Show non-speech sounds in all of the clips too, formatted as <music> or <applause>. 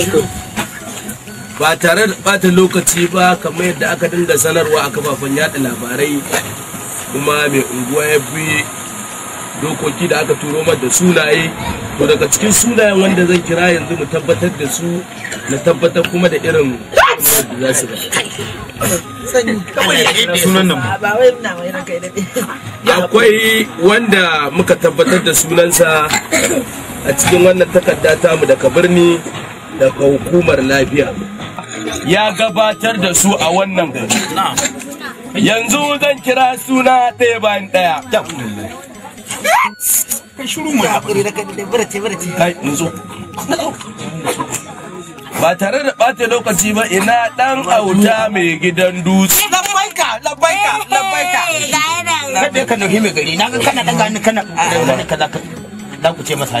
shiru ba tare da bata lokaci ba kamar yadda aka dinga sanarwa a kafafen yada labarai kuma mai unguwa ya bi dokoki da aka turo mata da sunaye to daga cikin sunayen wanda zan kira yanzu mu tabbatar da su na tabbatar kuma da irin za su akwai wanda muka tabbatar da sunansa a cikin wannan takarda tamu daga birni daga hukumar lafiya ya gabatar da su a wannan gari yanzu zan kira suna ɗaya bayan ɗaya ba tare da ɓata lokaci ba ina ɗan auta mai gidan dutse labbaika labbaika labbaika eh, kada ka nufi mai gari kana daga kana kana kaza ka dan ku ce masa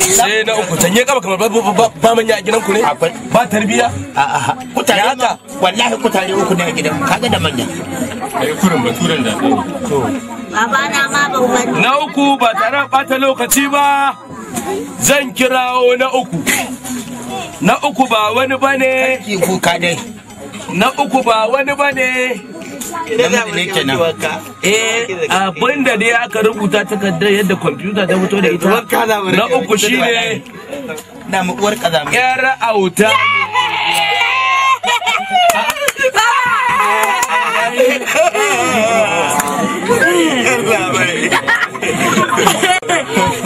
sai na uku tanye kaba kamar ba manya a gidan ku ne ba tarbiya a'a kutare haka wallahi kutare uku ne a gidan kaga da manya ai kurin baturen da to baba na ma ban wani na uku ba tare bata lokaci ba zan kirawo na uku na uku ba wani bane na uku ba wani bane eh abin da dai aka rubuta takardar yadda kwamfuta ta fito da ita na uku shine na yar auta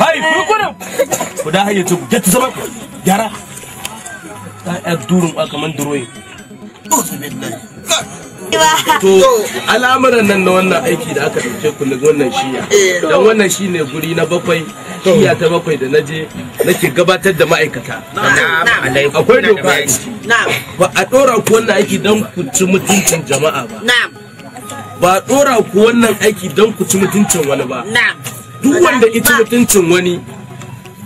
Hai, kurkurin! Ku da hayyacin Ta to al'amuran nan na wannan aiki da aka ɗauke ku na wannan shiya eh, don wannan shi ne guri na bakwai shiya ta bakwai da na naje nake gabatar da ma'aikata akwai doka ba a ɗora ku wannan aiki don ku ci mutuncin jama'a ba ba a ɗora ku wannan aiki don ku ci mutuncin wani ba duk wanda ita mutuncin wani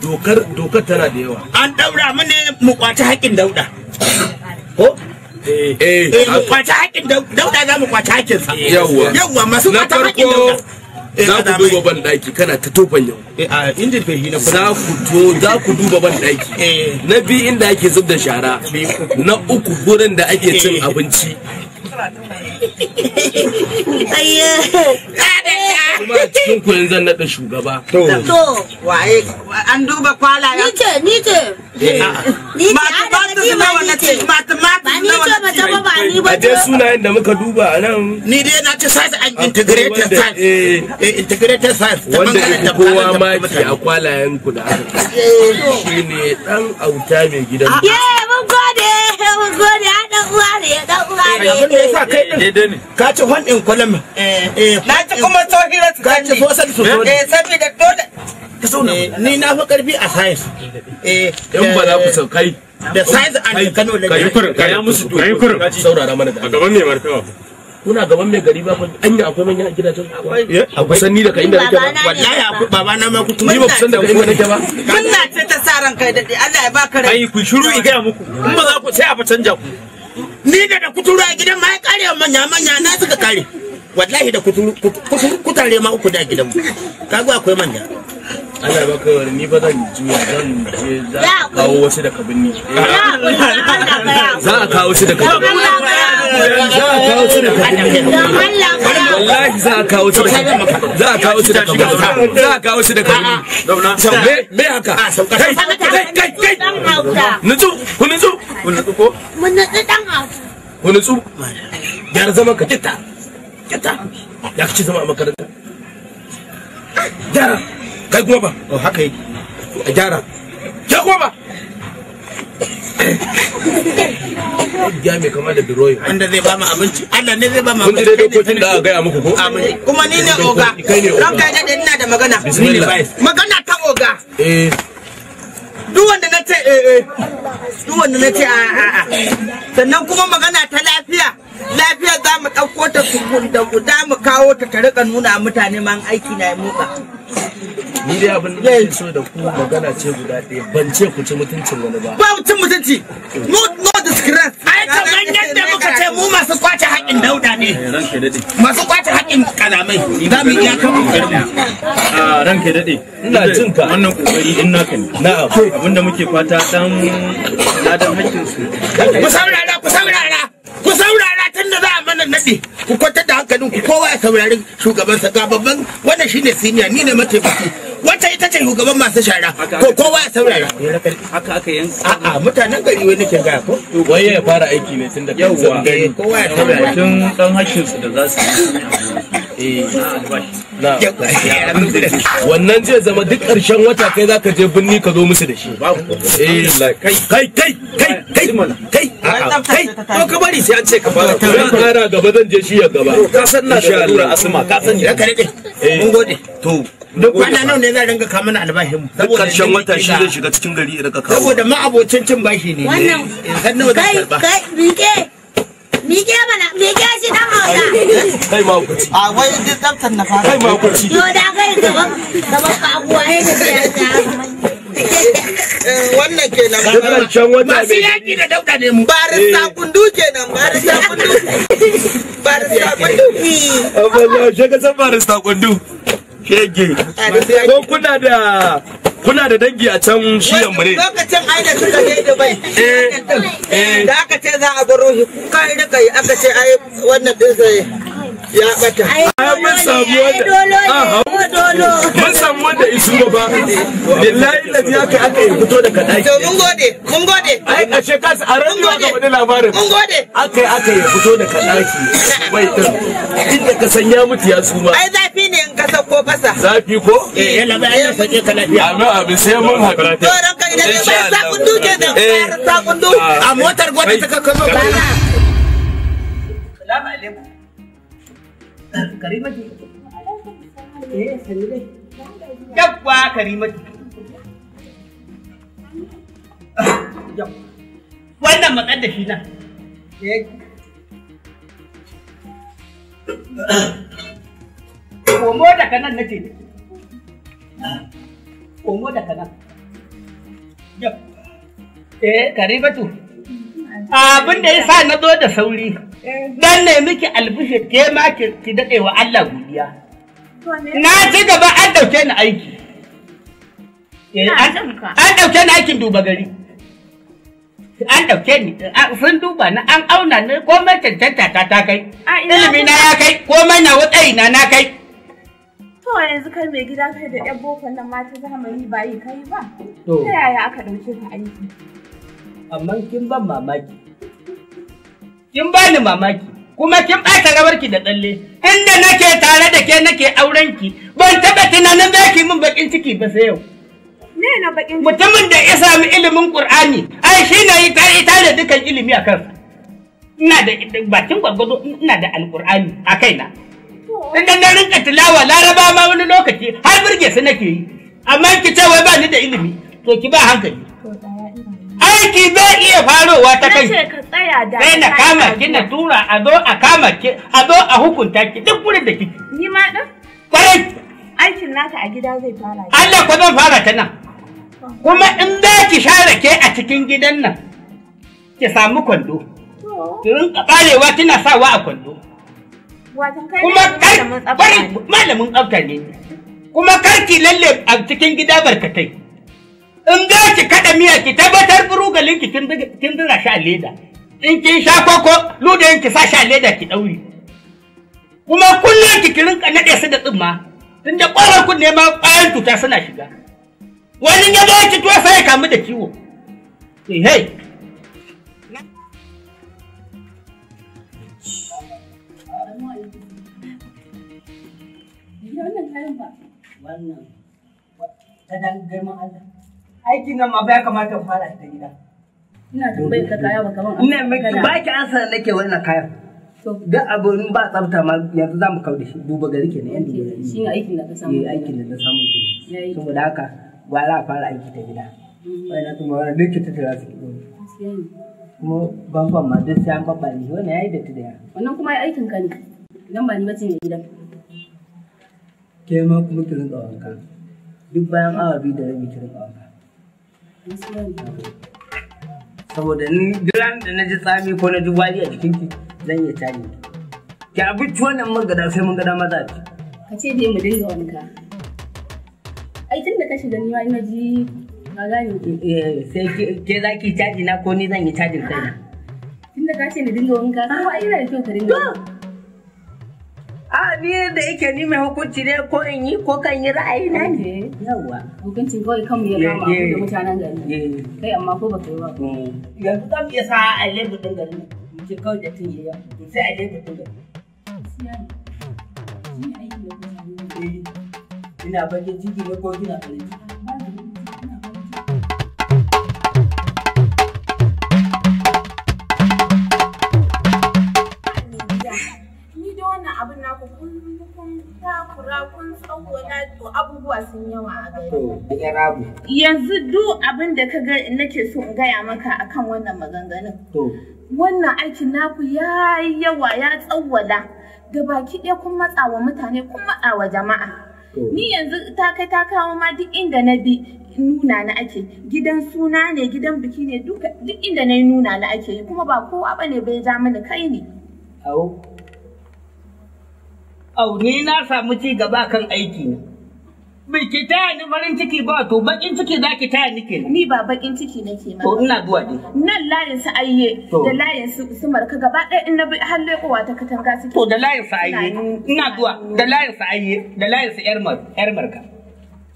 dokar tana da yawa an ɗaura mu ne mu kwaci haƙƙin dauda ko eh, eh, eh, eh. kwace za mu sa masu za ku duba ban daki kana ta tofan yau na za ku to za ku duba ban daki na biyu inda ake zub da shara na uku gurin da ake cin abinci ayya eh, kuma a naɗa shugaba to waye an duba nice nice ce ba ni ba sunayen da muka duba a nan ni dai na ce integrated integrated wanda eh. Eh, kowa a kwalayen ku da aka shine auta mai gidan ah, sai a dan uwa ne dan uwa ne eh, kai din ka ci hon din eh. eh na ci kuma ka ci fosal su eh ka eh. ni na fi karfi a eh yan ba za ku saukai da and kano musu saurara mana gaban kuna gaban mai gari ba fa anya akwai manyan gidajen a kusan ni da kai inda nake wallahi akwai baba na ma kutu ni ba kusan da kai nake ba kunna ce ta sa ran kai dade Allah ya baka rai ai ku shiru i ga muku in ba za ku sai a fa canja ku ni da da a gidan ma ya kare manya manya na suka kare wallahi da kutare ma uku da mu kago akwai manya Allah ya baka wani ni ba zan juya zan za a kawo wasu daga binni za a kawo wasu daga binni za a kawo da za a kawo za za a kawo da haka ah, kai kai kai kai nutsu ku nutsu ku nutsu ko mun nutsu dan hausa ku nutsu ka kitta kyata ya ci zama a makaranta gyara kai kuma ba oh haka yi gyara ke kuma ba ya mai kama da biroyi wanda zai ba mu abinci Allah ne zai ba mu abinci kun ji dai da aka gaya muku ko kuma ni ne oga ranka ka da ina da magana magana ta oga eh duk wanda na ce eh eh duk wanda na ce a ah, a ah, a ah. sannan kuma magana ta lafiya lafiyar za mu ɗauko ta tukun da da mu kawo ta ta rika nuna mutane man aiki na yi muka ni dai abin da ke so da ku magana ce guda ɗaya ban ce ku ci mutuncin wani ba ba cin mutunci no no disgrace ai kaman yadda muka ce mu masu kwace haƙƙin dauda ne eh, masu kwace haƙƙin kalamai za mu iya kan kokarin a ah, ranke daɗe ina jin ka wannan kokari in naka ne na'am abinda muke fata dan ladan haƙƙin su ku saurara ku saurara into that. mana nadi ku kwantar da hankalin ku kowa ya saurari shugaban sa gababban wannan shine senior ni ne mataimaki wata ita ce shugaban masu shara ko kowa ya saurara haka aka yin a mutanen gari wai nake ga ko waye ya fara aiki ne tun da kan gari eh, kowa ya saurara tun dan hakkin su da za su eh, eh, wannan zai zama duk ƙarshen wata kai za ka je birni ka zo musu da shi kai kai kai kai kai kai kai kai kai kai kai kai kai kana gaba zan je shi ya gaba ka san na da dura asma ka san ya ka rike eh. mun gode to duk kwana nan ne zan ringa ka mana albashin mu duk karshen wata shi zai shiga cikin gari idan ka kawo saboda ma abocin cin bashi ne wannan san eh, nawa zai karba kai rike Mike mana, mike shi dan hausa. Kai ma hukunci. A wai duk tsaftar na fara. Kai ma hukunci. Yo da kai gaban gaban kaguwa ne da ya ta. Eh, wannan kenan masu yaki da dauda ne mu barista eh. kundu kenan barista kundu barista kundu shi ka san barista kundu shege ko kuna da kuna da dangi a can shi mu ne lokacin aina suka je da bai eh, da aka ce za a baro shi kai da kai aka ce ai wannan din sai ya bata ah, mun ah, samu wanda mun samu wanda isu ba billahi da ya ka aka fito daga daki to mun gode mun gode ai a shekas a ran da ka wani labarin mun gode aka yi aka fito daga daki bai ta inda ka sanya mutu ya suma ai zafi ne in ka sako fasa zafi ko eh yalla eh, bai ya eh. fake ka lafiya amin amin sai mun haƙura to ranka idan bai sa kundu ke da eh. sa kundu ah. a motar gwada ta ka kazo salamu alaikum karimatu eh wannan da shi komo daga nan nace komo daga nan eh karimatu abin da ya sa na zo da sauri eh. dan ne miki albishir ke ma ki daɗe wa Allah godiya na ci gaba an ɗauke ni aiki eh, an ɗauke ni aikin duba gari an ɗauke ni sun duba na an auna ni komai cancanta ta ta kai ilimi na ya kai komai na wutsayi na na kai To yanzu kai mai gida kai da 'yan boko nan mata zamani ba yi kai ba. Ta yaya aka ɗauke ka aiki? amma kin ban mamaki kin ba ni mamaki kuma kin ɓata rawarki da tsalle inda nake tare da ke nake auren ki, ban taɓa tunanin za ki min bakin ciki ba sai yau ne na bakin ciki mutumin da ya samu ilimin qur'ani ai shi ne ita ita da dukan ilimi a kansa ina da bakin gwargwado ina da alqur'ani a kaina idan na rinka tilawa laraba ma wani lokaci har burge su nake yi amma ki ce wai ba ni da ilimi to ki ba hankali aiki zai iya faruwa ta kai sai na kama ki na tura a zo a kama ki a zo a hukunta ki duk wurin da ki ni ma din kwarai aikin naka a gida zai fara Allah ko zan fara ta nan oh. kuma in za ki share ke a cikin gidan nan ki samu kwando ki rinka barewa kina sawa a kwando kuma kai malamin tsafta ne kuma karki lalle a cikin gida barkatai in za ki kada miya ki tabbatar burugalin ki kin dira sha a leda in kin sha koko yin ki sa sha leda ki ɗauri. kuma kullum ki rinka nade su da tsimma tun da kwarar ku ne ma kwayan cuta suna shiga wani ya zo ki tuwa sai ya kamu da ciwo eh, hey wannan ta dan girman Allah aikin nan ma ba ya kamata fara ta gida ina ka kaya ba ba ki nake wannan kayan da abin ba tsafta ma yanzu za mu kau shi duba gari kenan yan duba gari shi aikin da ka samu eh, aikin da samu kenan saboda haka a fara aiki da gida kuma mm-hmm. wani duk su kuma ma duk sai an babba ne wannan da ya wannan kuma aikin ka ne nan ba ni ne gidan ke ma kuma duk bayan awa biyu da rabi kirin rinka saboda ni gran da na ji tsami ko na ji wari a ki zan iya tare ki ki abinci wannan man gada sai mun gada maza ki ka ce dai mu dinga wanka ai tun da ka shiga ni wani ji ka eh sai ke za ki caji na ko ni zan yi cajin kai tun da ka ce ni dinga wanka sai wa ina da kyau ka dinga a ni da yake ni mai hukunci ne ko in yi ko kan yi ra'ayi na ne yawa hukuncin kawai kan mu ya kama da mutanen gari kai amma ko baka yi ba mm. yanzu kan ya sa a lebu din gari mu, ce kawai da tun yi ya sai a lebu din gari eh, ina bakin ciki ne ko kina farin ciki kurakun tsawo to abubuwa sun yawa a gari. Yanzu duk abin da ka ga nake so in gaya maka akan wannan maganganun. Wannan aikin naku ya yawa ya tsawwala da baki ɗaya kun matsa wa mutane kun matsa wa jama'a. Ni yanzu ta kai ta kawo ma duk inda na bi nuna na ake gidan suna ne gidan biki ne duk inda na nuna na ake yi kuma ba kowa bane bai ja mini kai ne. auni na samu ci gaba kan aiki na. Bai ki taya ni farin ciki ba to bakin ciki za ki taya ni ke. Ni ba bakin ciki nake ma. To ina zuwa ne. Nan layin su ayye da layin su su marka gaba ɗaya in na bi har leƙowa ta katanga suke. To da layin su ayye ina zuwa da layin su ayye da layin su yar marka.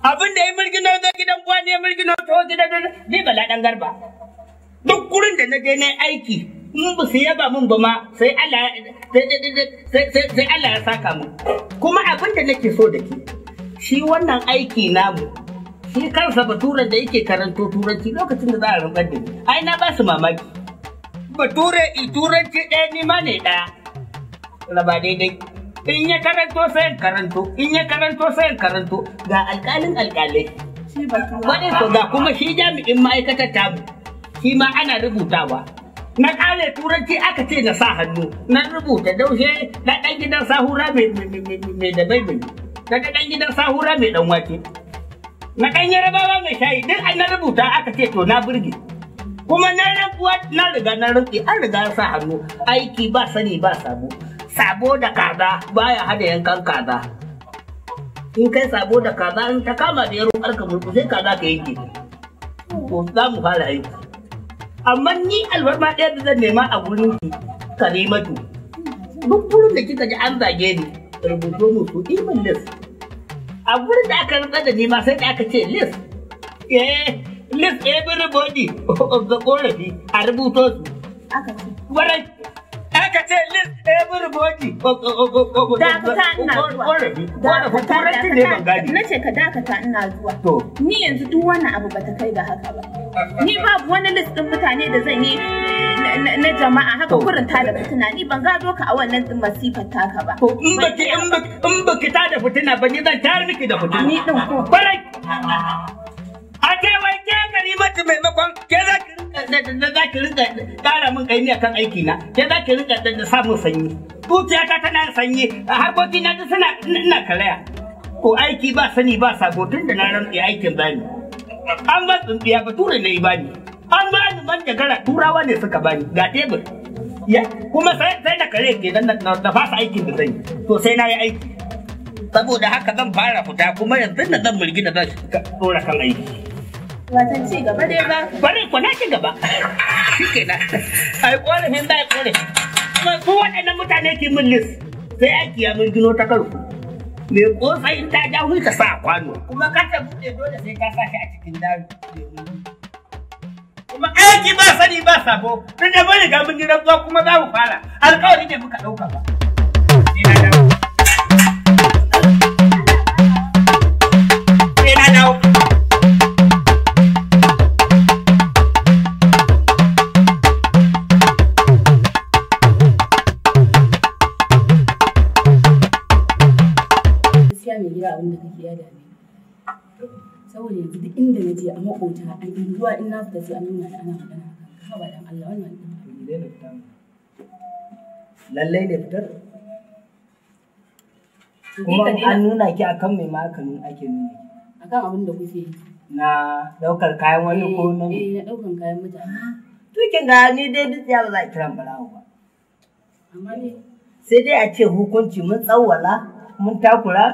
Abin da ya na zo gidan buwa ne ya mulkino to gidan ne bala ɗan garba. Duk gurin da na je na aiki in ba su yaba min ba ma sai Allah sai Allah ya saka mu kuma abin da nake so da ke shi wannan aiki namu shi kansa bature da yake karanto turanci lokacin da za a rubar da ni ai na ba su mamaki bature i turanci ɗaya ni ma ne ɗaya raba daidai in ya karanto sai karanto in ya karanto sai karanto ga alƙalin alƙalai wani ko ga kuma shi jami'in ma'aikatar tamu shi ma ana rubutawa na kare turanci aka ce na sa hannu na rubuta daushe na dan gidan sahura mai da bai bai daga dan gidan sahura mai dan wake na dan yarabawa mai shayi duk na rubuta aka ce to na burge kuma na rabuwa na riga na rufe an riga sa hannu aiki ba sani ba sabo sabo da kaza baya hada yankan kaza in kai sabo da kaza in ta kama da yaro arka burbu sai kaza ka yanke to za mu fara aiki amma ni albarba ɗaya da zan nema a wurin ki kalimatu duk wurin da kika ji an zage ni rubuto mu ko imin lis a wurin da aka rantsar da nema sai da aka ce lis eh lis everybody of <laughs> the korafi a rubuto su warai Aka ce list everybody. Dakata ina zuwa. Dakata ne ban gadi. Na ce ka dakata ina zuwa. Ni yanzu duk wannan abu ta kai ga haka ba. Ni babu wani list ɗin mutane da zan yi na jama'a haka kurin ta da fitina ni ban gado ka a wannan masifar taka ba. To in baki in baki in ta da fitina ba ni zan tayar miki da fitina. Ni ɗin ko. Barai. A ce wai ni mace maimakon ke za ki rinka za ki rinka ƙara min kaini akan aiki na ke za ki rinka da samun sanyi ta tana sanyi harkoki na suna ina karaya ko aiki ba sani ba sabo tun da na rantsi aikin bani an ba tsintsiya ba tura ne bani an ba ni ban gara turawa ne suka bani ga tebur ya kuma sai na kare ke dan na fasa aikin da zan yi to sai na yi aiki saboda haka zan fara fita kuma yanzu na zan mulki da zan tsora kan aiki Wasan ci gaba dai ba. Bari ku na ci gaba. Shi kenan. Ai korafin bai korafi. Kuma ku waɗannan mutane ki min lis. Sai aiki ya mun gino ta karku. Me kosai ta ja ka sa a kwano. Kuma ka ta buɗe dole sai ka sa shi a cikin dari. Kuma aiki ba sani ba sabo. Tun da mun riga mun gina zuwa kuma za mu fara. Alƙawari ne muka ɗauka ba. Sai na dawo. saboda yanzu duk inda na je a makota a unguwa in na fita sai an nuna ana magana haka ba dan Allah wannan lallai ne fitar kuma an nuna ki akan mai makanin ake nuna akan abin da kuke na daukar kayan wani ko eh, na eh na daukar kayan mutane ah, ga ni dai duk ya ba za ki barawo ba amma ne sai dai a ce hukunci mun tsawwala mun takura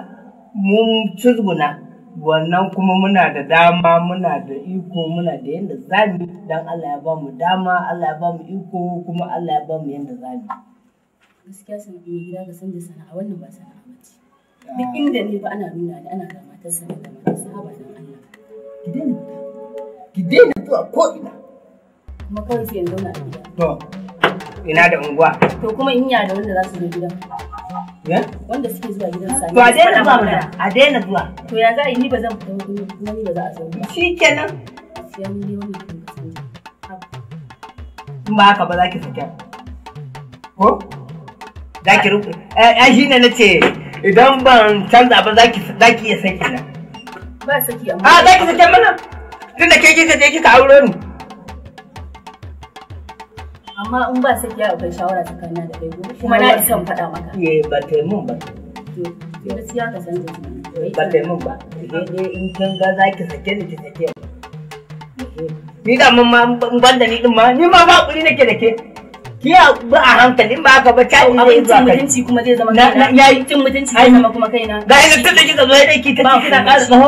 mun cizguna wannan kuma muna da dama muna da iko muna da yadda za mu don Allah ya ba mu dama Allah ya ba mu iko kuma Allah ya ba mu yadda za mu gaskiya sun yi gida ga sanda sana'a wannan ba sana'a ba ce ah. duk inda ne ba ana nuna da ana ga ta sana'a da matar sahaba don Allah ki daina ki daina zuwa ko ina kuma kawai sai yanzu na gida to ina da unguwa to kuma in ya da wanda za su zo gidan Eh? Wanda suke zuwa gidan sani. To a daina zuwa mana, a daina zuwa. To ya za a yi ni ba zan fita wani kuma ni ba za a zo ba. Shi kenan. Sai mun wani kuma sani. In ba haka ba za ki fita. Ko? Za ki rufe. Eh, eh shi ne na ce idan ban canza ba za ki iya saki na. Ba saki amma. A ah, za ki saki mana. Tunda ke kika je kika auro ni. Amma in ba saki akwai shawara tsakanin da kai kuma na isan faɗa maka. ye ba ta mun ba. Gaskiya ka san Ba ta mun ba. Daidai in kin ga za ki sake ni ki sake Ni da mun ma in banda ni din ma ni ma ba kuri nake da ke. ki ya ba a hankali ba haka ba ta yi zai zuwa kai. Mutunci kuma zai zama kaina. Ya yi cin mutunci zai zama kuma na Ga yanzu tun da kika zo yadda kika ci kina ƙara tsaho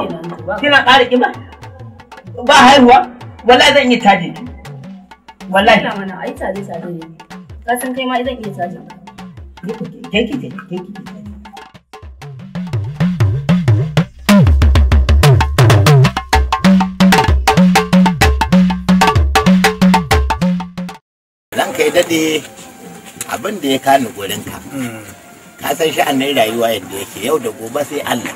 kina ƙara ƙiba. Ba haihuwa wallahi zan yi tajiki wallahi ina mana ai tsaje tsaje ne ka san kai ma zan iya tsaje kai ki kai ki kai dade abin da ya kani gurinka hmm. ka san sha'anin rayuwa yadda yake yau da gobe sai Allah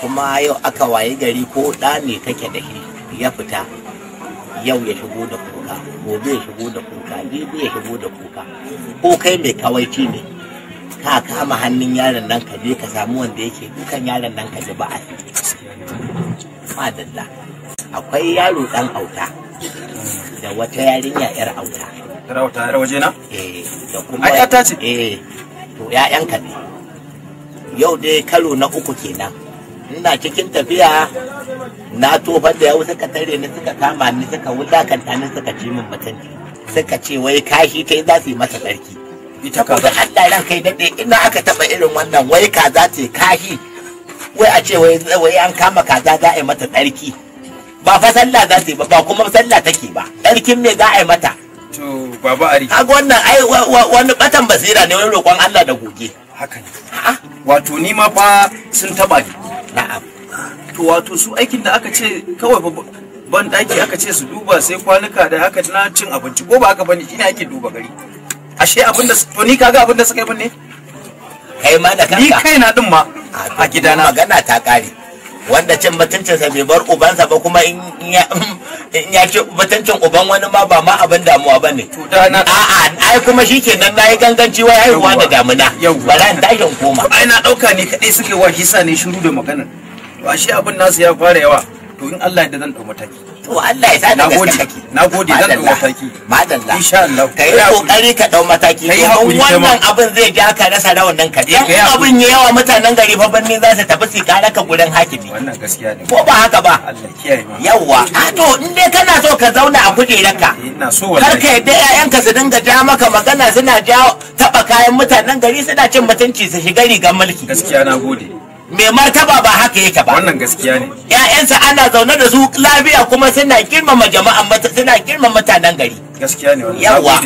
kuma yau aka waye gari ko ɗa ne kake da ya fita yau ya shigo da kuka gobe ya shigo da kuka gobe ya shigo da kuka ko kai mai kawaici ne ka kama hannun yaron nan ka je ka samu wanda yake dukan yaron nan ka ji ba a ba dalla akwai yaro dan auta da wata yarinya yar auta yar auta yar waje na eh da kuma ai ta ce eh to ƴaƴanka ne yau dai karo na uku kenan ina cikin tafiya na tofar da yau suka tare ni suka kama ni suka wulakanta ni suka ci min mutunci suka ce wai kashi kai za su yi masa tsarki ita ka ga Allah ran kai dade ina aka taba irin wannan wai kaza ce kashi wai a ce wai wai an kama kaza za a yi mata tsarki ba fa sallah za su yi ba ba kuma sallah take ba tsarkin me za a yi mata to baba ari kaga wannan ai wani batan basira ne wani roƙon Allah da goge haka ne wato ni ma fa sun taba ni na'am to wato su aikin da aka ce kawai ban daki aka ce su duba sai kwanuka da haka na cin abinci ko ba aka bani ina yake duba gari ashe abin da to ni kaga abin da suka yi ne kai ma da kanka ni kai na din ma a gidana magana ta kare wanda cin mutuncinsa bai bar ubansa ba kuma in ya ce mutuncin uban wani ma ba ma abin damuwa ba ne a'a ai kuma shi kenan na yi ganganci wai haihuwa da damuna ba za in koma ai na ɗauka ne kaɗai suke wa shi sa ne shiru da magana, to ashe abin nasu ya fara yawa to in Allah ya da zan ɗau mataki to Allah ya sa na gaske kake nagode zan dau mataki madalla insha Allah kai kokari ka dau mataki wannan abin zai ja ka rasa da wannan kaje eh, abin ya yawa mutanen gari fa banni za su tafi su kara ka gurin hakimi wannan gaskiya ne ko ba haka ba Allah kiyaye ma yawa a ah, to in dai kana so ka zauna a kujerarka eh, ina so wallahi kar ka yadda 'ya'yanka su dinga ja maka magana suna ja taba kayan mutanen gari suna cin mutunci su shiga rigar mulki gaskiya nagode mai martaba ba haka yake ba wannan gaskiya ne ƴaƴansa ana zaune da su lafiya kuma suna girmama jama'a suna girmama mutanen gari gaskiya ne wannan yawa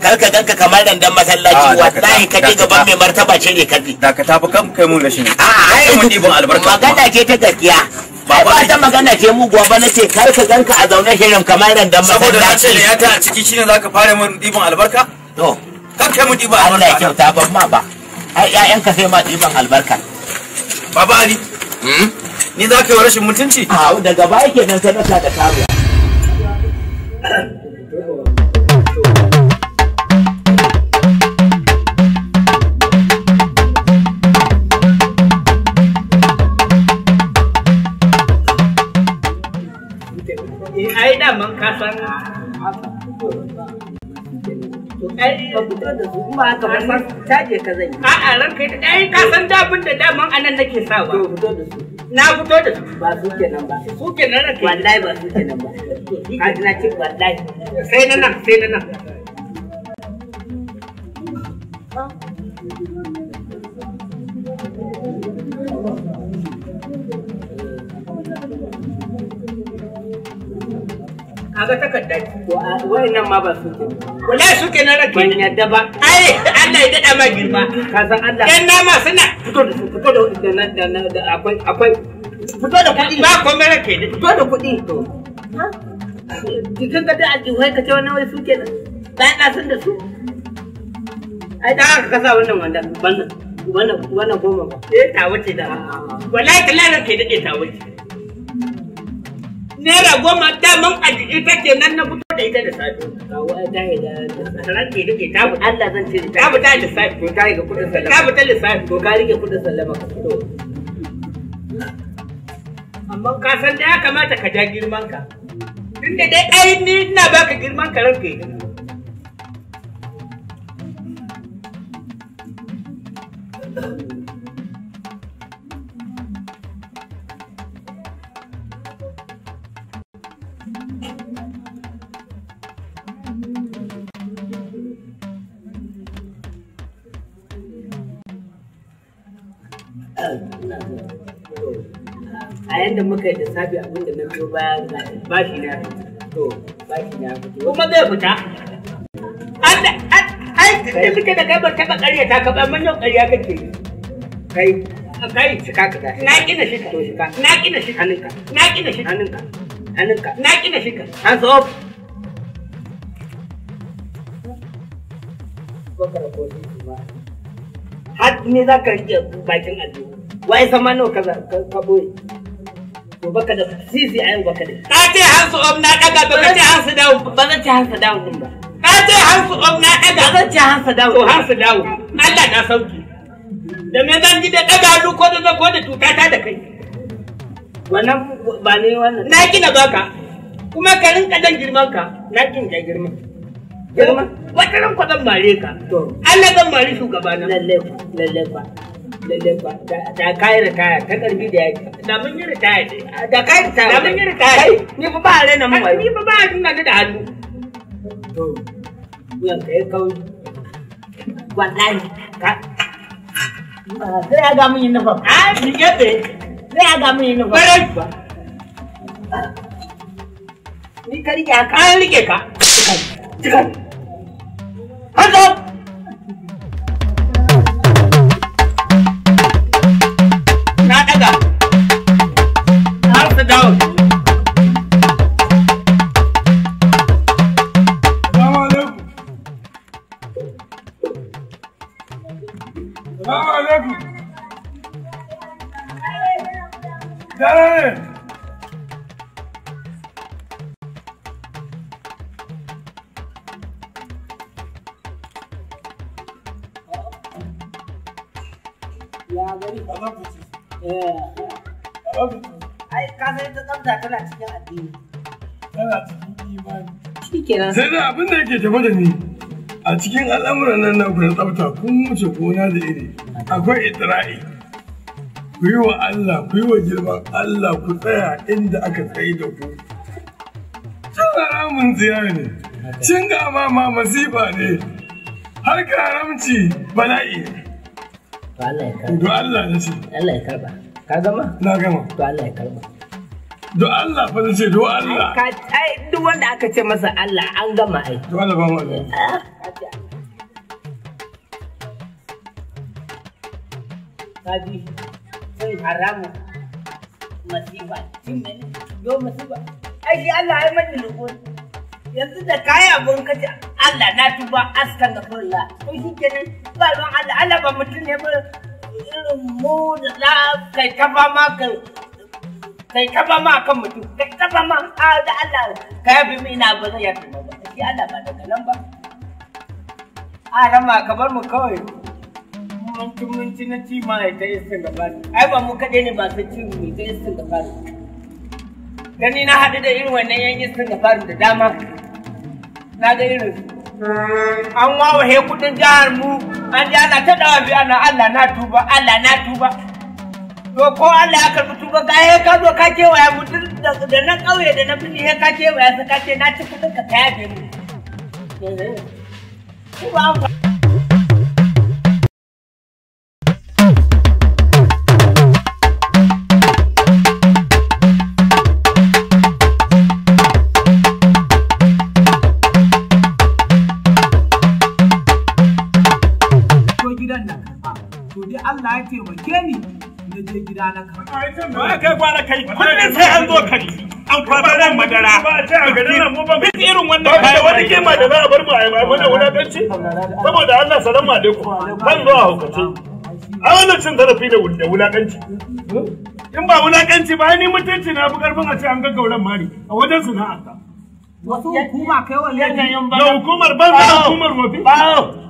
karka ganka kamar dandan masallaci ah, wallahi ka ji gaban mai martaba ce ne kaji da ka tafi kan kai mu rashin a ah, ai mun dibin albarka magana ce ta gaskiya ba ba ta magana ce mu gobe na ce karka ganka a zaune shirin kamar dan masallaci saboda na ce ya ta a ciki shine zaka fara mun dibin albarka to kan kai mu dibin albarka Allah ya kyauta ban ma ba ai ƴaƴanka sai ma dibin albarka Baba Ali. Hmm? Ni za ka yi rashin mutunci? A daga baya kenan sadaka da karuwa. Eh, ai daman ka san ka fito da su kuma haka ba caje ka zan yi a'a ranka ita dai ka san dabin da daman anan nake sawa to fito da su na fito da su ba su kenan ba su kenan ranka wallahi ba su kenan ba ka ji na ci wallahi sai na nan sai na nan kaga takarda nan ma ba su ke wallahi su ke na rake ban yadda ba ai Allah ya dada ma girma ka san Allah yan nama suna fito da fito da da da akwai akwai fito da kuɗi ba ko mere ke fito da kuɗi to jikin ka da aljihai ka ce wani wai su ke nan bayan na san da su ai da aka kasa wannan wanda wannan wannan wannan goma ba eh ta wuce da wallahi kallar ke dade ta wuce naira goma daman a jiki take nan na fito da ita da safe. wa ta yi da sanar ke duke ta fita. Allah zan ce ta fita da safe. ta rike kudin sallama. Ta fita da safe. ka rike kudin sallama ka fito. Amma ka san da ya kamata ka ja girman ka. Tunda dai baka girman ka ranka yi. Thank you. kai da safi abin da na biyo baya na bashi na to bashi na kuma zai fita an da ai kai suke da kai ban taba ƙarya ta ka ba mun yau ƙarya kake kai kai shika ka da na kina shika to shika na kina shika hannunka na kina shika hannunka hannunka na kina shika hands up har ne za ka rike bakin aljihu wai sama nawa ka boye to baka da sisi a yau baka da ka ce hansu om na daga ba ka ce hansu dawo ba zan ce hansu dawo din ba ka ce hansu om na daga ba zan ce hansu dawo to hansu dawo Allah na sauki da me zan ji da daga hannu ko da ko da ta da kai wannan ba ne wannan na kina baka kuma ka rinka dan girman ka na kin da girman girman wata ran kwadan mare ka to Allah zan mare shugabana lalle lalle da ritaya ta karbi da yaki da mun yi ritaya ne ah, da ritaya da mun yi ritaya kai ni fa ba a raina mun wai ni fa ba a nuna da hannu to wuyan kawai wallahi ka ah, sai ya ga mun yi nufa a ni sai ya ga mun yi nufa bare ni ka rike ka an rike ka Ya gani? I love you. Yeah. I love you. Ai ka ita tsafta tana cikin addini. Tana cikin imani. Shikenan. Sai da abin da yake tafa da ni. A cikin al'amuran nan na Ya tsafta kun wuce gona da iri. Akwai itira'i. Ku yi wa Allah, ku yi wa girman Allah ku tsaya inda aka tsaye da ku. Cin haramun ziya ne, cin gama ma masifa ne, har karamci bala'i ne. To Allah ya karba. To Allah ya ce. Allah ya karba. Ka gama? Na gama. To Allah ya karba. Do Allah fa ce do Allah. Ka ai duk wanda aka ce masa Allah an gama ai. Do Allah ba mu Allah. Kaji sai haramu masifa cin mene yo masifa ai Allah ai mata lukuni. yanzu da kaya abun kace Allah na tuba astaghfirullah to shi kenan ba ruwan Allah Allah ba mutum ne ba irin mu da za kai ta fama kai kai ta fama akan mutum kai a ah, da Allah ka bi mu ina ba zai yarda ba shi Allah ba daga nan ba a ka bar mu kawai mun mun ci na ci ma ta istighfar ai ba mu kaɗai ne ba su ci mu ta istighfar gani na haɗu da irin wannan yan istighfar da dama na ga irin an wawahe kudin jihar mu an ji ana ta dawa biyu ana Allah na tuba Allah na tuba to ko Allah ya karbi tuba ga he ka zo ka kewaya mutum da nan kauye da na birni he ka kewaya sai ka ce na ci kudin ka kaya yabe mu. gudana ka. Ba kai gwara kai kullum sai an zo kari. An kwazaran madara. Duk irin wannan kayan wani kima da za a bar mu a yi mana wulaƙanci. Saboda Allah salamu alaikum. Ban zuwa hukace. A wannan cin zarafi da wulakanci. In ba wulakanci ba ni mutunci na fi ƙarfin a ce an gaggauran mari a wajen sana'a ta. Wasu hukuma kai wa yanayin ba. Da hukumar ban da hukumar mafi?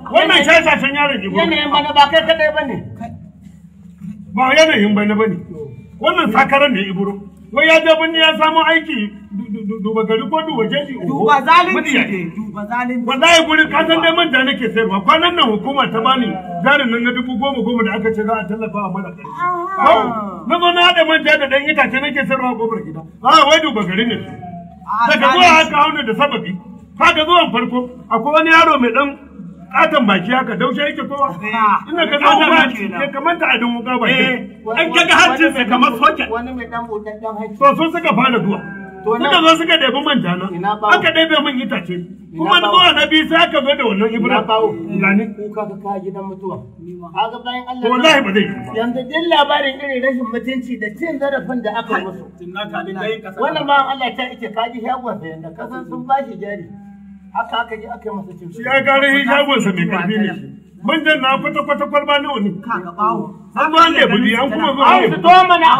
Wannan shashashen yaron jibo. Yanayin ba kai kaɗai ba ne. ba yanayin bai yin bane wannan sakaran ne iburo wai ya je binni ya samu aiki duba gari ko duba jeji duba zalunci ne duba zalunci wallahi guri ka san dai man da nake sayarwa kwanan nan hukuma ta bani jarin nan na dubu goma goma da aka ce za a tallafa a mana na zo na haɗa manja da ɗan itace nake sayarwa gobar gida a wai duba gari ne daga zuwa haka hauna da sababi ka ga zuwan farko akwai wani yaro mai ɗan katon baki haka daushe yake kowa eh. ina ga zo ba ya kamata a dinwo gaba ke eh. an kaga hancin sa kamar soke wani mai dan botan dan haji so so suka fara zuwa suka zo suka debi manja na aka ɗebe min itace kuma na zuwa na bi sai aka zo da wannan ibra gani kuka ka ka gidan mutuwa kaga bayan Allah wallahi ba zai yi yanzu din labarin irin rashin mutunci da cin zarafin da aka musu wannan ba Allah ta ike kaji shagon sai yanda kasan sun bashi jari haka aka ji aka masa cin shi ya gare shi shagon sa mai karfi ne mun da na fata kwata kwalba nawa ne kaga bawo an ba ne budi an kuma zo ne to mana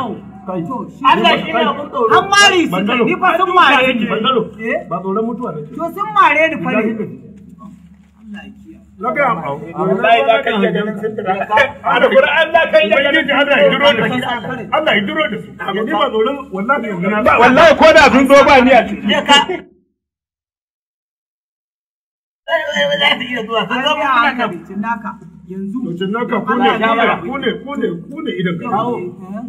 Allah shi ne abun tsoro an mari su ni fa sun mare ni eh? ba tsoron mutuwa ne to sun mare ni fa ne na gaya ma wallahi da Allah ya Allah ya a da qur'an da Allah ya ganin Allah ya duro da su Allah ya duro da su ni ba tsoron wallahi wallahi ko da sun zo ba Allah a za su yanzu. cinnaka ku ne kamera ku ne ku ne ku ne idan ka. Kawo. Eh, eh.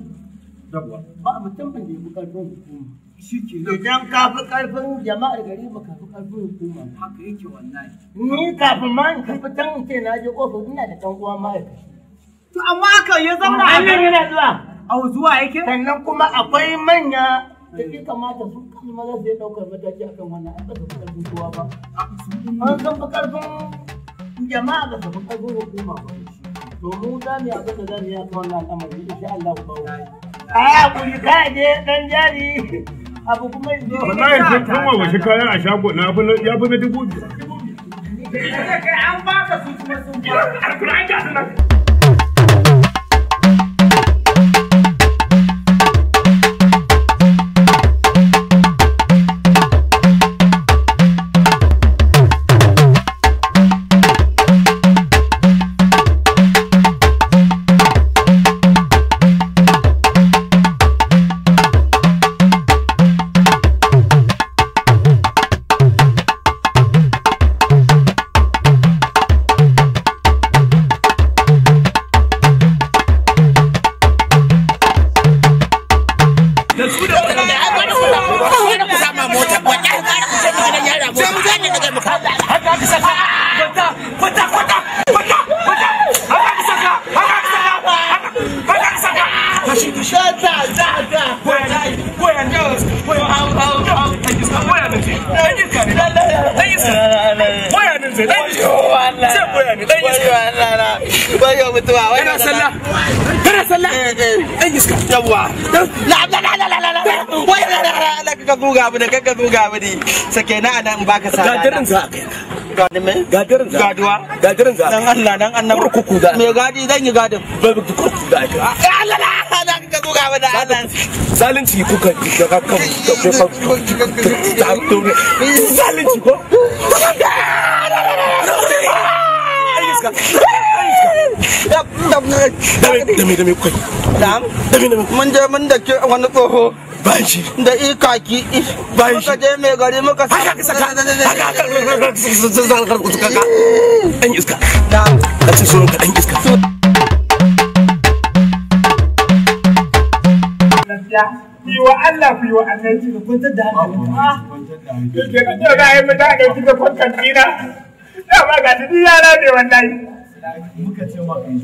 Yawwa. Ba mutum ban da ya hukuma. Shi ke Idan ka fi karfin jama'ar gari ba ka fi karfin hukuma. Haka yake wallahi. Ni kafin ma in tafi can in ce na je kofar ina da ɗan uwa ma'aikaci. To amma ya zauna. Amma yana zuwa. Au zuwa yake? Sannan kuma akwai manya da ya kamata su kan maza su yi ɗaukar mataki kan wannan an kasa karfin kowa ba an san ƙarfin jama'a ka sabu ƙarfin hukuma ba to mu za mu yi abin da za mu yi akan wannan al'amari insha Allah ba wani a kuri ka je dan jari abu kuma yanzu wallahi sai kan wa washi kayan a shago na ya fi na dubu biyu an ba ka su kuma sun ba alkur'an ga sunan ga wuri sake na anan in baka sa gadirin za ka gadi me gadirin za gaduwa gadirin za dan Allah dan annabi kurkuku za me gadi zan yi gadin kurkuku za ka Allah na ka zo ga wani Allah zalunci kuka ka ka zalunci ko dame dame kuka dame dame mun je mun da ke wani tsoho bashi da ikaki bashi muka je mai gari muka sa haka saka haka dan da ci ka dan iska yi wa Allah ku yi wa annabi ku kwantar da hankali ah. da da da da ga duk yara ne wallahi muka ce ma kai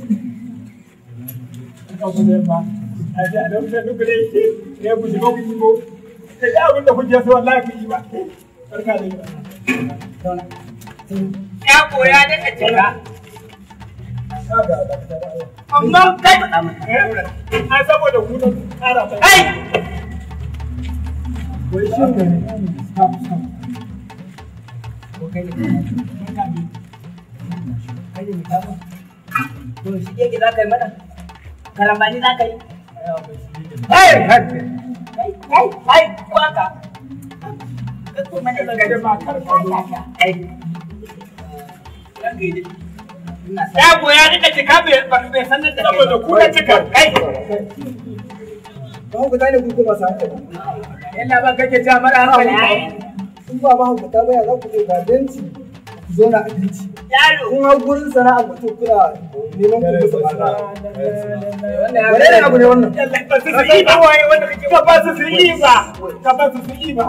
ka gode ba a ji a don sai duk da ya guji ko ka ji abin da kuke so wallahi ku yi ba barka da ya koya da ka amma kai a eh, saboda ku da kara ne kai ne ne kai ne ka ba to shi ke za ka yi mana karambani za ka yi Hey, hey, hey, hey, da hankali. Kun ba baya za ku zona a kun hau gurin sana'a ku kuna neman ku abu ne wannan ba su yi ba su yi ba ka su yi ba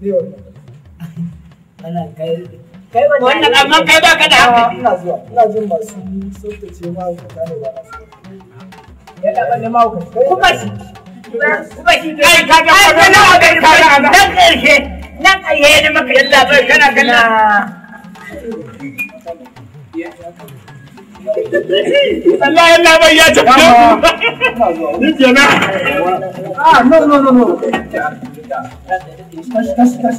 wannan kai ba ka da ya ya Kaç kaç kaç.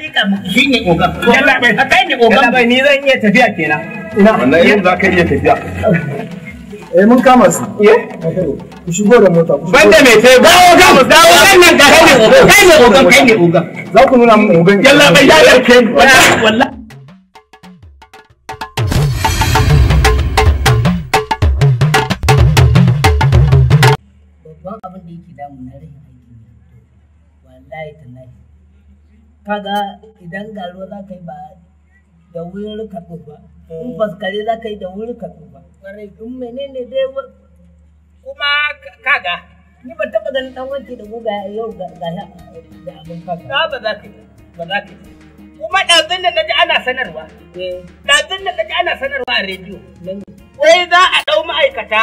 liƙa ni zan iya tafiya kenan ina tafiya eh mun kama su eh? ku shigo da mota ku banda mai sai dawo ga mu dawo kan nan ga kai ne ogan kai ne ogan kai ne ogan za ku nuna mun ogan yalla bai ya yarke wallahi yake damu kaga idan garo za ka yi ba da wurin rika ba mm. in faskare za ka yi da wurin rika ba kwarai in menene dai kuma kaga ni ban taba ganin dan wanke da guga yau ga ga da abin kaga ba ba za ka yi ba za ka yi kuma ɗazin da na ji ana sanarwa eh. ɗazin da na ji ana sanarwa a rediyo wai za a ɗau ma'aikata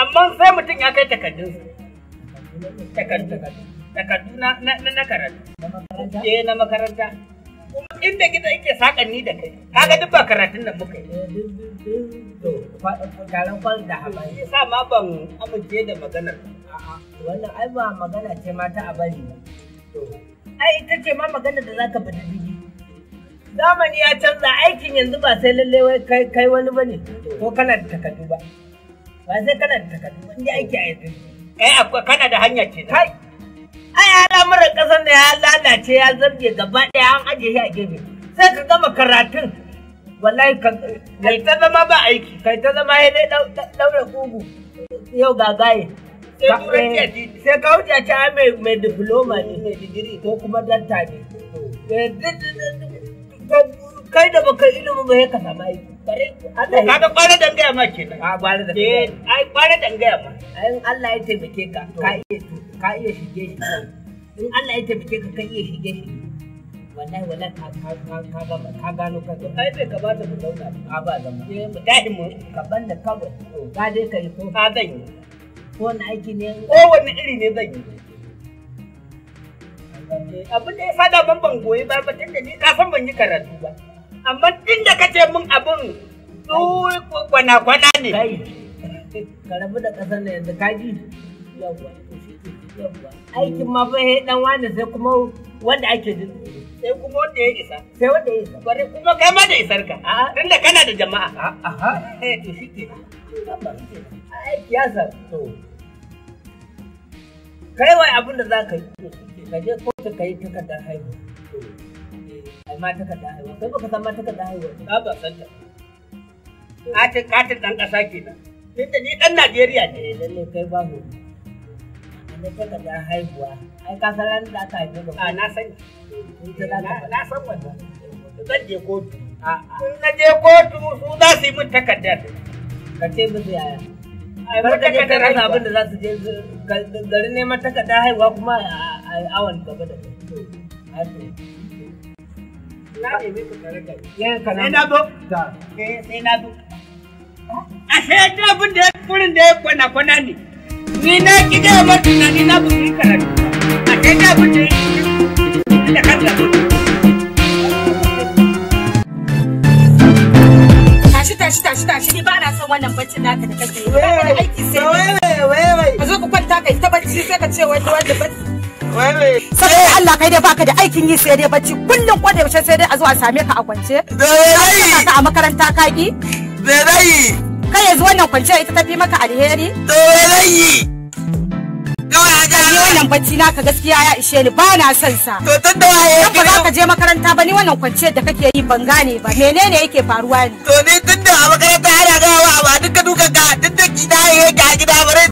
amma sai mutum ya kai takardun takardun takardu na na karatu eh na makaranta Kuma inda gida yake sakanni da kai kaga duk ba karatun da muka yi eh, to garan kwal da habari yasa ma ban amince da maganar a'a wannan ai ba magana ce ma ta abari to ai ita ce ma magana da zaka bi diddigi zamani ya canza aikin yanzu ba sai lalle wai kai kai wani bane ko kana da takardu ba ba sai kana da takardu ba inda aiki a yanzu eh akwai kana da hanya ce kai ai al'amuran ƙasar da ya lalace ya zarge gaba ɗaya an ajiye shi a gefe sai ka gama karatun wallahi kai ta zama ba aiki kai ta zama ya dai daura kugu yau gagaye eh, sai ka wuce ta mai diploma ne mai digiri ko kuma danta ne eh, kai da baka ilimin ba ya ka samu aiki Kaga kwana dangaya ma kenan. A kwana dangaya. Eh, kwana dangaya ma. Ayin Allah ya taimake ka, ka iya ka iya shige shi in Allah ya taimake ka kan iya shige shi wallahi wallahi ka ka ka ka ga ka gano ka to ai bai ba mu zauna ka ba da mu eh, mu tashi mu ka banda kawai ka dai kai ko ka zan yi ko wani aiki ne ko wani iri ne zan yi abin da ya fada ban ban goyi ba ba tunda ni ka san ban yi karatu ba amma tunda ka ce min abin kwana kwana ne kai ka rabu da kasar da yanzu ka ji yawwa aikin ma fa dan wani sai kuma wanda ake jin sai kuma wanda ya isa sai wanda ya isa bari kuma kai ma da isar ka tunda kana da jama'a aha eh to shike aiki ya sa to kai wai abin da zaka yi ka je kotu ka yi takardar haihuwa eh, ma takardar haihuwa kai baka san ma takardar haihuwa ba ba san ta katin katin dan kasa kenan tunda ni dan Najeriya ne eh, lalle kai babu da takardar haihuwa ai ka san ran da a na san na san wannan zan je kotu in na je kotu su za su yi min takardar ka ce yaya ai ba ka abin da za su je neman takardar haihuwa kuma a awon gaba da na kare kai kana na zo eh, sai na zo da ya kwana kwana ne ni na ki ga ma tunani na ku yi karatu a kai da buje da kanta tashi tashi tashi tashi ni ba na son wannan baccin naka da kake yi ba aiki sai wai wai wai ka zo ku kwanta kai ta bacci sai ka ce wani wanda bacci Saboda Allah kai dai baka da aikin yi sai dai bacci kullum ko da yaushe sai dai a zuwa same ka a kwance. Da rai. Ka a makaranta kaki. Da rai. kai yanzu wannan kwanciyar ita tafi maka alheri to zan yi kawai wannan bacci naka gaskiya ya ishe ni ba na son sa to tun da waye ba za ka je makaranta ba ni wannan kwanciyar da kake yi ban gane ba menene yake faruwa ne to ni tun da a makaranta ana gawa ba duka duka ga duk da gida yake a gida bare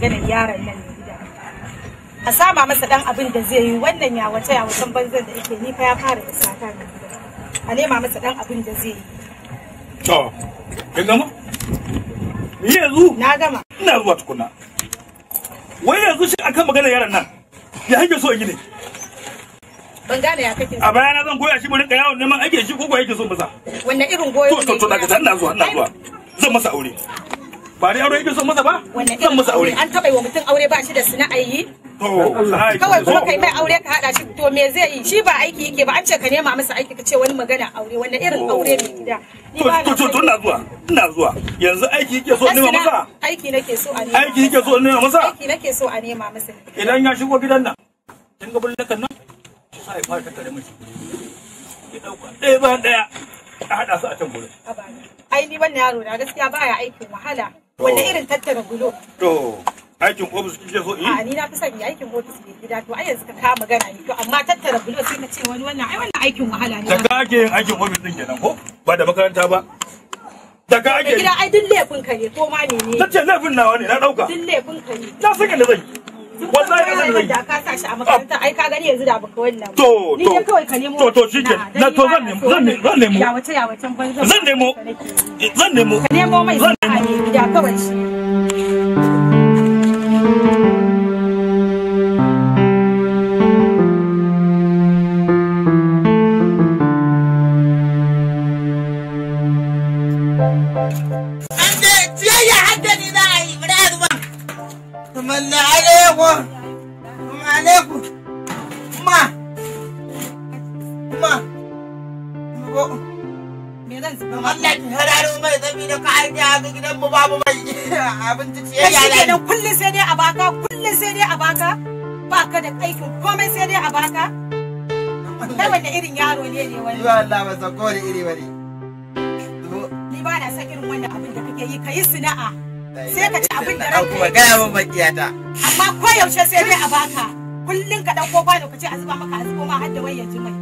maganar yaron nan a sama masa dan abin da zai yi wannan ya wata ya wata banzan da yake ni fa ya fara da sata ne a nema masa dan abin da zai yi to gama ni yanzu na gama ina zuwa tukuna wai zu shi akan maganar yaron nan ya hanke so yi ban gane ya kake a na zan goya shi mu yawon neman ake shi ko ko yake so masa wannan irin goyo to to daga ina zuwa ina zuwa zan masa aure ba dai aure yake son masa ba son masa aure an taba wa mutum aure ba shi da suna ayi kawai kuma kai mai aure ka hada shi to me zai yi shi ba aiki yake ba an ce ka nema masa aiki ka ce wani magana aure wanda irin oh. aure ne gida to to to ina zuwa na zuwa yanzu aiki yake so nema masa aiki nake so a nema aiki yake so nema masa aiki nake so a nema masa idan ya shigo gidan nan kin ga bullakan nan shi sai fara kare miki ki dauka ɗaya ba daya a hada su a can gurin ai ni wannan yaro na gaskiya baya aikin wahala Wanda oh. irin tattara bulo. To, aikin ofis kike so in? A ni na fi son aikin ofis ne gida to ai yanzu ka ka magana ne to amma tattara bulo sai na ce wani wannan ai wannan aikin wahala ne. Daga ake yin aikin ofis din kenan ko? Ba da makaranta ba. Daga ake. Gida ai duk laifin ka ne ko ma ne ne. Tace laifin nawa ne na dauka. Duk laifin ka ne. Na saka da zai. wallahi da zan da ka sa shi a makaranta ai ka gani yanzu da baka wannan to ni kawai ka nemo to to shike na to zan nemo zan nemo zan nemo ya wace ya wacen banza zan nemo zan nemo nemo mai zan nemo gida kawai shi Me zan zuba mai? Allah ki hararo mai zabi da ka aiki a gidan mu babu mai abinci ciye ya lai. Kashi kullum sai dai a baka kullum sai dai a baka ba ka da aikin komai sai dai a baka. Na wanda irin yaro ne ne wani. Yiwa Allah ba san kowane iri ba ne. Ni ba na san irin wannan abin da kake yi ka yi sana'a. Sai ka ci abin da ranka. Kuma gaya min makiyata. Amma koyaushe sai dai a baka. Kullum ka ɗauko kwano ka ce a zuba maka a zuba ma har da wayan jimai.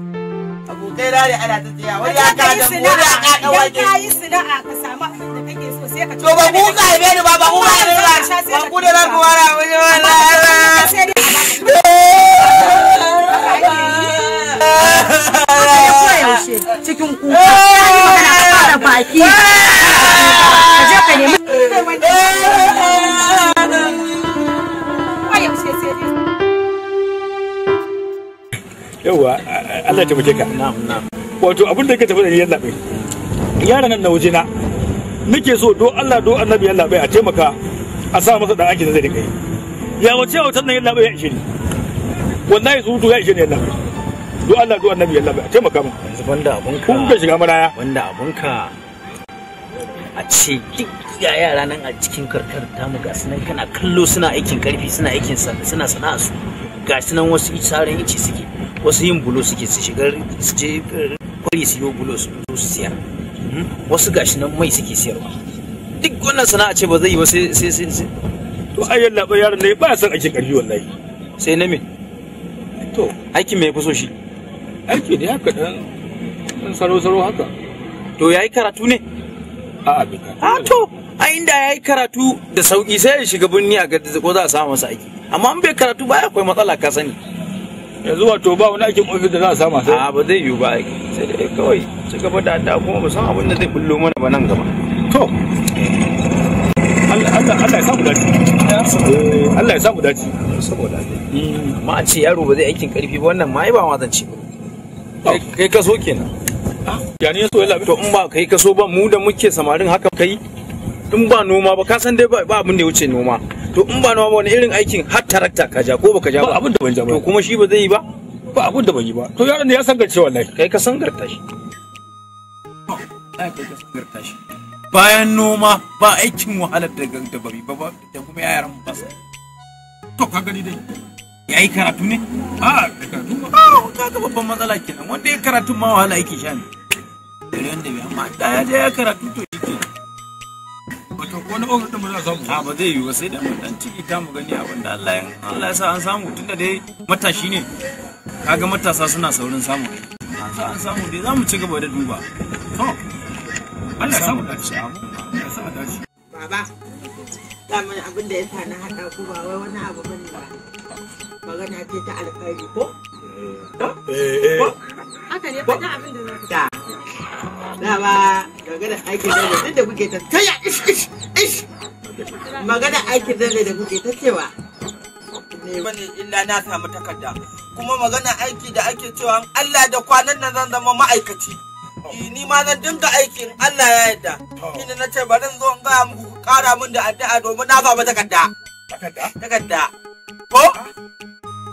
abokai da ana ta tsaya wani ya ka da wani ya ka da wani ka yi sana'a ka samu abin da kake so sai ka to ba ku ka ibe ni ba ba ku ka ni ba ba ku da ranku wara wani wala cikin kuka kana eh. baki eh. ka je ka nemi yauwa Allah ya taimake ka wato abin da ka tafi da ni yalla bai yaran nan na waje na nake so do Allah do annabi yalla bai a taimaka a sa masa da ake da zai dinga yi ya wace wata nan yalla bai ya ishe ni wallahi su ya ishe ni yalla bai do Allah do annabi yalla bai a taimaka min yanzu banda ka. kun ka shiga maraya. Banda abun ka. a ce duk ga yara nan a cikin karkar mu ga nan kana kallo suna aikin karfi suna aikin suna sana'a su ga nan wasu isarin ice suke wasu yin bulo suke su shiga su je kwari su yi bulo su zo su siyar hmm? wasu gashi nan mai suke siyarwa duk wannan sana'a ce ba zai yi ba sai sai sai to yalla ba yaron ne ba san ake karbi wallahi sai na me to aiki me fi so shi aiki ne haka dan saro saro haka to yayi karatu ne a a karatu a to a inda yayi yi karatu da sauki sai ya shiga birni a ko za a samu masa aiki amma an bai karatu ba akwai matsala ka sani yanzu wato ba wani aikin ofis da za a sama sai a ba zai yiwu ba aiki sai dai kawai su gaba da addu'a kuma ba san abin da zai bullo mana ba nan gaba to Allah ya samu dace Allah ya samu dace saboda amma a ce yaro ba zai aikin karfi ba wannan ma ba wazance kai kaso kenan ah, ya ne so ya to in ba kai kaso ba mu da muke samarin haka kai in ba noma ba ka san dai ba abin da ya wuce noma to in ba noma wani irin aikin har tarakta ka ja ko baka ja ba abin da ban ja ba to kuma shi ba zai yi ba ba abin da ban yi ba to yaron ne ya sangarce wallahi kai ka sangarta shi shi bayan noma ba aikin wahalar da da bari ba da kuma yaran ba to ka gani dai yayi karatu ne a karatu ba ka ga babban matsala kenan wanda ya karatu ma wahala yake sha ne wanda bai amma da ya karatu to yake wani ofis din ba za a samu a ba zai yiwu ba sai dai mun dan ciki ta mu gani abin da Allah ya Allah ya sa an samu tunda dai matashi ne kaga matasa suna saurin samu an samu dai za mu ci gaba da duba to Allah ya samu dace Allah ya samu dace baba dama abin da ya sa na ku ba wai wani abu bane ba magana ce ta ko? Eh, eh. eh. Haka ne, abin da za ka dama magana aikin da kuke ta taya ish ish aikin da kuke ta cewa bane illa na samu takarda kuma maganan aiki da ake cewa Allah da kwanan nan zan zama ma'aikaci eh, ni ma zan dinga aikin Allah ya yarda ina na ce bari zo ga muku kara min da addu'a domin na samu takarda takarda takarda ko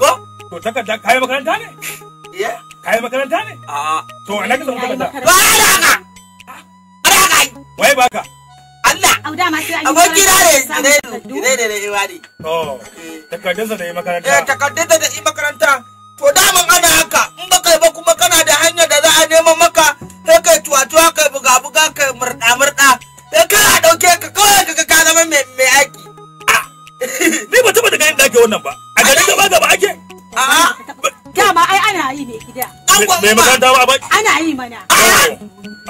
ko to takarda kai makaranta ne eh kai makaranta ne a to ana ka makaranta ba da haka ba da haka wai ka. Allah aboki na ne ne ne ne iwani to takardunsa da yi makaranta eh takardunsa da yi makaranta to daman ana haka in ba kai ba kuma kana da hanyar da za a nema maka sai kai tuwa-tuwa kai buga-buga kai murɗa-murɗa sai kai a ɗauke ka kawai ka ka zama mai aiki ni ba taba da ganin da ake wannan ba a garin gaba ba gaba ake a'a Dama ai ana yi mai gida. Mai makaranta ba ba? Ana yi mana.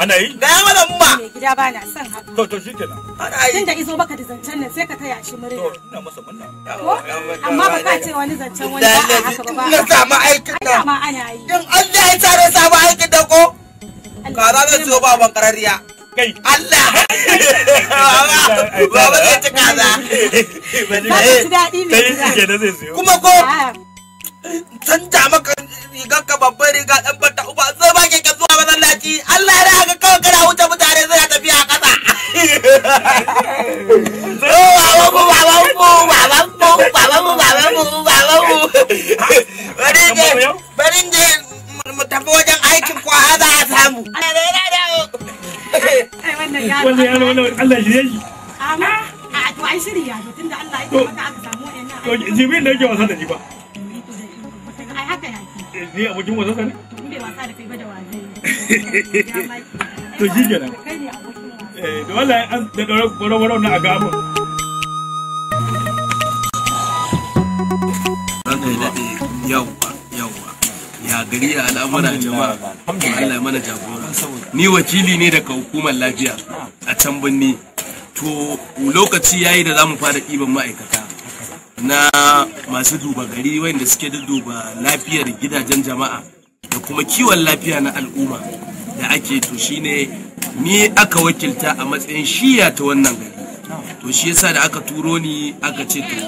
Ana yi? Gaya mana mma. Mai gida ba na son haka. To to shikenan. Ana yi. Tunda izo baka da zancen nan sai ka taya shi murna. To ina masa murna. Amma ba ka ce wani zancen wani ba a haka ba. Na samu aikin da. Ai ana yi. Din Allah ya tsare samu aikin da ko. Kaza zai ciwo ba ban kai Allah baba baba zai ci kaza ba ci daɗi ne kuma ko canja maka rigar ka babban riga dan bata uba zo ba ke zuwa masallaci Allah ya ga kawai kana wuce mutane sai ya tafi a kasa baban mu baban mu baban mu baban mu baban mu baban mu bari ne bari ne mu tafi wajen aikin ko a za a samu wannan yaro Allah ya yi amma a to ai shirya to tunda Allah ya yi maka aka samu wannan jibril da yake wasa da ni ba ni abokin to wasa da kai ba da <laughs> to eh wallahi an da dora na aga yawwa yawwa ya gari ya al'amura jama'a Allah mana jagora ni wakili ne daga hukumar lafiya a can birni to lokaci yayi da zamu fara ɗiban ma'aikata na masu duba gari wanda suke duba lafiyar gidajen jama'a da kuma kiwon lafiya na al'umma da ake to shine ni aka wakilta a matsayin shiya ta wannan gari to shi yasa da aka turo ni aka ce to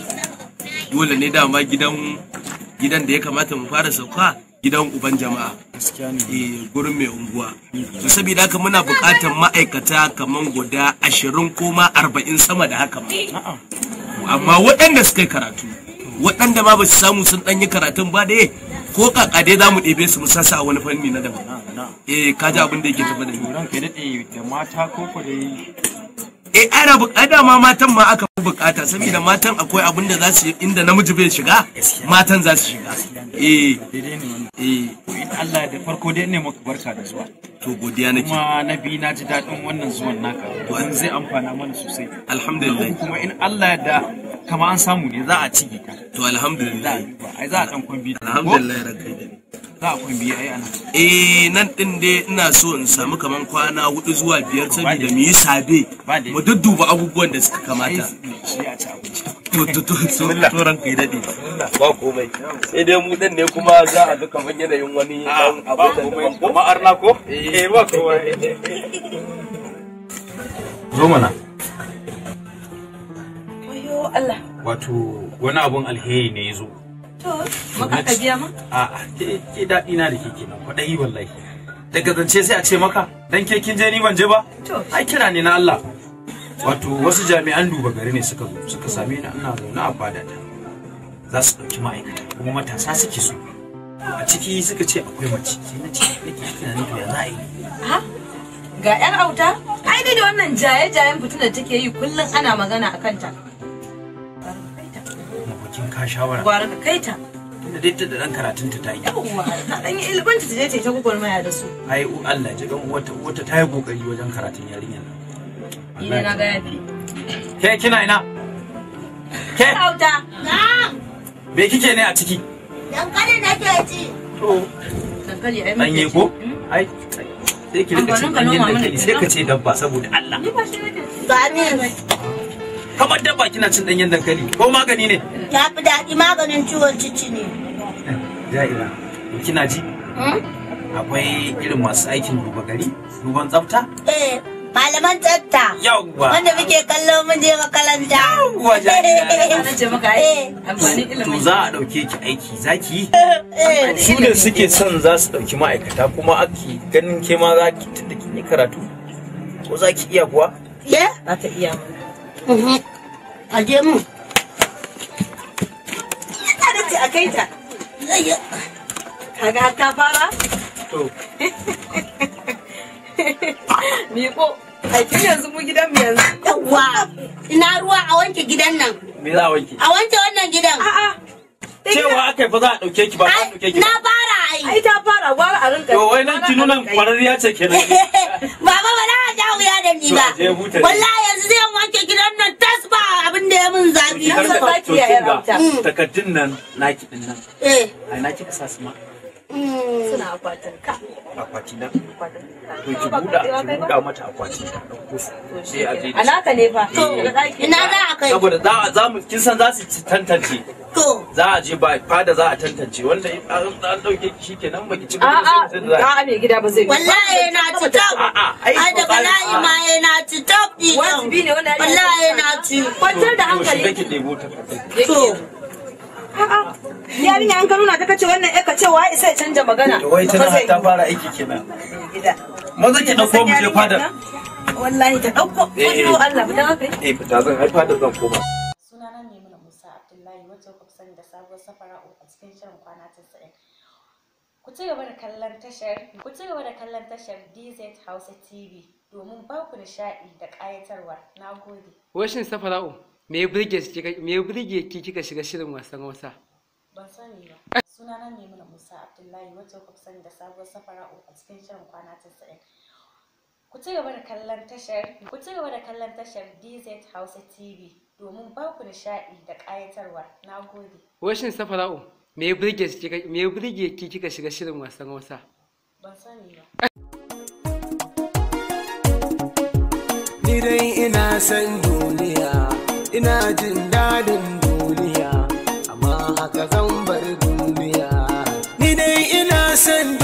dole ne dama gidan gidan da ya kamata mu fara sauka gidan uban jama'a eh gurin mai unguwa to saboda haka muna buƙatar ma'aikata kaman guda ashirin ko ma arba'in sama da haka ma amma waɗanda suka yi karatu waɗanda ma ba su samu sun ɗan yi karatun ba dai ko kaka dai za mu ɗebe su mu sasa a wani fanni na daban eh ka ji abin da yake tafi da ni eh ana bukata ma matan ma aka bukata saboda matan akwai abin da za su inda namiji bai shiga matan za su shiga eh eh in Allah da farko dai ne maka barka da zuwa to godiya nake kuma nabi na ji dadin wannan zuwan naka don zai amfana mana sosai alhamdulillah kuma in Allah da kamar an samu ne za a ci ka to alhamdulillah ai za a dan kwambi alhamdulillah ranka za a kwambi ai ana eh nan din dai ina so in samu kamar kwana hudu zuwa biyar saboda mu yi sabe mu dudduba abubuwan da suka kamata to to to to ran kai dadi. ba komai sai dai mu dan ne kuma za a ga kaman yanayin wani dan ah, abu kuma arna ko eh. eh ba komai zo mana Allah. Wato wani abun alheri ne ya zo. To, maka ka biya ma? A'a, ke daɗi na da ke kenan kwaɗayi wallahi. Daga zance sai a ce maka, dan ke kin je ni ban je ba? To. Ai kira ne na Allah. Wato wasu jami'an duba gari ne suka zo suka same ni ina zaune a fada ta. Za su ɗauki ma'aikata kuma matasa suke so. A ciki suka ce akwai mace, sai na ce nake ni to ya za a yi. Ga 'yan auta? Ai dai da wannan jaye-jayen fitina take yi kullum ana magana a kanta. ka shawara gwara ka kai ta da dai ta da dan karatun ta yi yawwa ta dan yi ilibin ta je ta ta gwagwarmaya da su ai u Allah ji gan wata wata ta yi kokari wajen karatun yarinyar nan ina ga yafi ke kina ina ke auta na me kike ne a ciki dankali nake ci to dankali ai dan yi ko hmm? ai sai ki rika cin danyen dankali sai ka ce dabba saboda Allah ni ba shi nake ne kamar dabba kina cin ɗanyen dankali ko magani ne ya fi daɗi maganin ciwon cici ne ja'ira kina ji hmm? akwai irin masu aikin duba gari duban tsafta eh malaman tsafta yawwa wanda muke kallo mun je makaranta yawwa eh. eh. ilimi to za a dauke ki aiki zaki eh, su da suke son za su dauki ma'aikata kuma aki ganin ke ma za ki tunda kin yi karatu ko za ki iya kuwa ya za ta iya mana a je mu da ce a kai ta kaga ta fara to miko a kin yanzu mu gidan mu yanzu yawa ina ruwa a wanke gidan nan me za a wanke a wanke wannan gidan a'a cewa akai fa za a dauke ki ba za a dauke ki na Ai ta fara gwara a rinka. To wai nan tinunan kwararriya ce kenan. <laughs> Baba ba za a ja wuya da ni ba. Wallahi yanzu zai wanke gidan nan tas ba abin da ya mun zafi. Takardun nan naki din nan. Eh. Ai naki ka sa su ma. suna eh. akwatin ka akwati na to ki buda ki buda mata akwati ta dauko su sai a je alaka ne fa to ina za a kai saboda za za mu kin san za su tantance to za a je ba fada za a tantance wanda an dauke ki shikenan baki ci a'a a'a mai gida ba zai wallahi na ci top ai da bala'i ma na ci top din wajibi ne wannan wallahi yana ci kwantar da hankali to yarinya an ka nuna ta kace wannan ya kace wa isa ya canja magana to wai tana ta fara aiki kenan maza ki dauko mu je fadar wallahi ta dauko ko eh, eh. Allah mu dan eh fita zan haifa da zan koma sunana ne mun Musa Abdullahi wacce ku sani da sabuwar safara a cikin shirin kwana 90 ku ci gaba da kallon tashar ku ci gaba da kallon tashar DZ Hausa TV domin ba ku nishaɗi da ƙayatarwa nagode washin safara'u me ya burge ki kika shiga shirin wasan wasa? ban sani ba Suna nan ne mana Musa Abdullahi wacce kuka sani da sabuwar safara a cikin shirin kwana 90 ku ci gaba da kallon tashar ku ci gaba da kallon tashar DZ Hausa TV domin ba ku nishaɗi da ƙayatarwa na gode washin safara'u me ya burge ki kika shiga shirin wasan wasa? ban sani ba ni dai ina san duniya ina jin dadin duniya amma haka zan bar duniya ni dai ina son